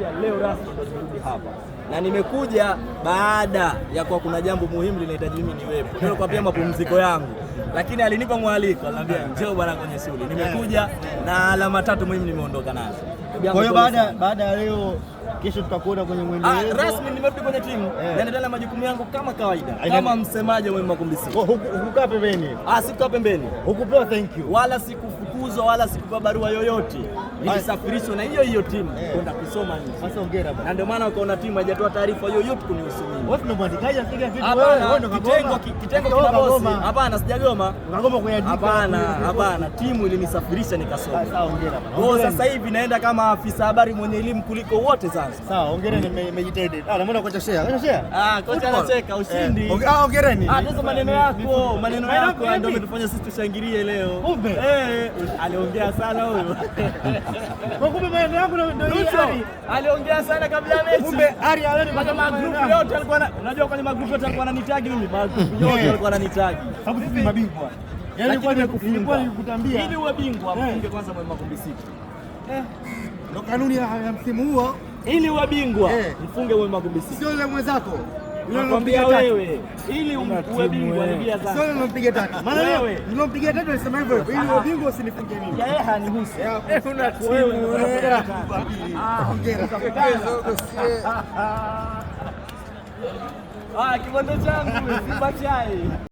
kuanzia leo rasmi hapa na nimekuja baada ya kuwa kuna jambo muhimu linahitaji mimi niwepo, nilokwambia mapumziko yangu, lakini alinipa mwaliko, aliniambia njoo bwana kwenye shule. Nimekuja na alama tatu muhimu nimeondoka nazo. Kwa hiyo baada baada ya leo kesho tutakuona kwenye mwendelezo ah, rasmi. Nimerudi kwenye timu, eh. naendelea na majukumu yangu kama kawaida, kama msemaji wa Makumbi. Sikukaa pembeni, ah, sikukaa pembeni, hukupewa thank you wala sikufu sikufukuzwa wala sikupewa barua yoyote, nilisafirishwa na hiyo hiyo timu eh. kwenda kusoma nje, na ndio maana ukaona timu haijatoa taarifa yoyote kunihusu mimi. Hapana, sijagoma, hapana, hapana, timu ilinisafirisha nikasoma. bwana. Kwa sasa hivi naenda kama afisa habari mwenye elimu kuliko wote Zanzibar. Sawa, hongereni, mmejitahidi. Ah, naona kocha share, kocha share. Ah, kocha anacheka ushindi. Eh, ah, ni. Ah, ndio maneno yako, maneno yako ndio umetufanya sisi tushangilie leo. Eh aliongea sana huyo. Kwa Kumbe maneno yangu ndio hiyo. Aliongea sana kabla ya mechi. Kumbe Ari aleni kwa magrupu yote alikuwa na unajua kwenye magrupu yote alikuwa ananitagi mimi. Magrupu yote alikuwa ananitagi. Sababu sisi mabingwa. Yaani kwa nilikuwa nikutambia. Hivi uwe bingwa mpunge eh. kwanza mwa makumi sita. Eh. Ndio kanuni ya msimu huo ili uwe bingwa eh. mfunge mwezi makumi sita. Sio ile mwenzako. Nakwambia wewe ili uwe bingwa ni bia Sio unampiga tatu. Maana wewe unampiga tatu unasema hivyo hivyo ili uwe ah. bingwa usinifunge mimi. Yeye hanihusi. Una wewe Ah, hongera. Ah, kibonde changu Simba